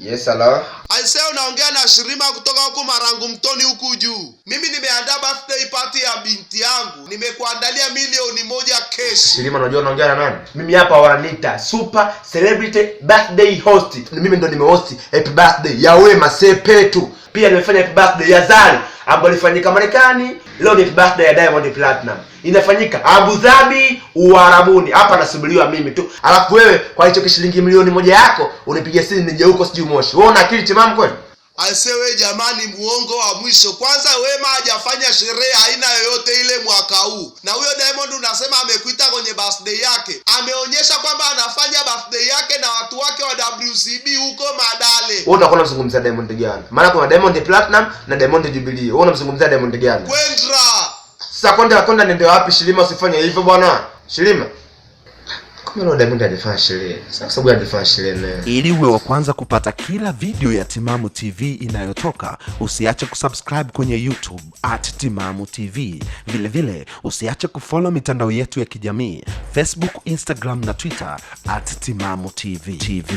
Yes I Aise unaongea na Shirima kutoka huku Marangu Mtoni huku juu. Mimi nimeandaa birthday party ya binti yangu. Nimekuandalia milioni moja cash. Shirima unajua unaongea na nani? Mimi hapa wananiita super celebrity birthday host. Mimi ndo nimehost happy birthday ya Wema Sepetu pia nimefanya happy birthday ya Zari ambayo ilifanyika Marekani. Leo ni happy birthday ya Diamond Platinum inafanyika Abu Dhabi Uarabuni. Hapa nasubiriwa mimi tu, alafu wewe kwa hicho kishilingi milioni moja yako unipigia simu nije huko, sijui Moshi. Wewe una akili timamu kweli? asewe jamani, muongo wa mwisho. Kwanza Wema hajafanya sherehe aina yoyote ile mwaka huu, na huyo Diamond unasema amekuita kwenye birthday yake, ameonyesha kwamba anafanya birthday yake na watu wake wa WCB huko Madale. Wewe unakuwa unamzungumzia Diamond gani? Maana kuna Diamond Platinum na Diamond Jubilee, wewe unamzungumzia Diamond gani? Kwendra sasa, kwenda kwenda, nende wapi? Shilima, usifanye hivyo bwana, Shilima. Kumbe Diamond alifanya sherehe. Sasa sababu alifanya sherehe Ili uwe wa kwanza kupata kila video ya Timamu TV inayotoka, usiache kusubscribe kwenye YouTube at Timamu TV. Vile vile, usiache kufollow mitandao yetu ya kijamii, Facebook, Instagram na Twitter at Timamu TV. TV.